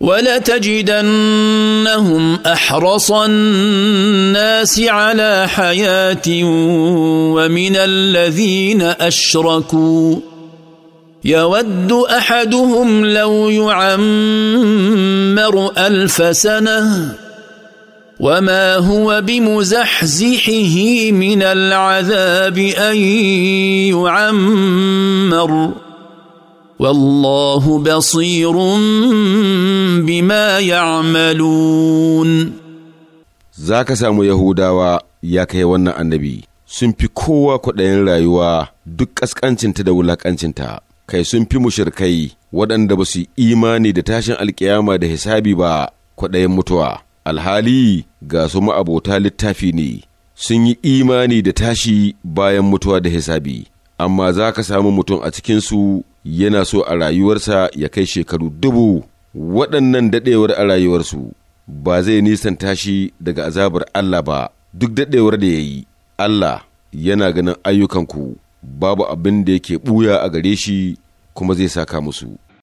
ولتجدنهم احرص الناس على حياه ومن الذين اشركوا يود احدهم لو يعمر الف سنه وما هو بمزحزحه من العذاب ان يعمر والله بصير بما يعملون ذاك سامو يهودا ya kai wannan annabi sun fi kowa kwaɗayin rayuwa duk ƙasƙancinta da wulaƙancinta kai sun fi mushirkai waɗanda ba su imani da tashin alkiyama da hisabi ba kwaɗayin mutuwa alhali ga su ma'abota littafi ne sun yi imani da tashi bayan mutuwa da hisabi amma zaka samu mutum a cikinsu yana so a rayuwarsa ya kai shekaru dubu waɗannan daɗewar a rayuwarsu ba zai nisanta shi daga azabar Allah ba duk daɗewar da ya yi Allah yana ganin ayyukanku babu abin da yake ɓuya a gare shi kuma zai saka musu.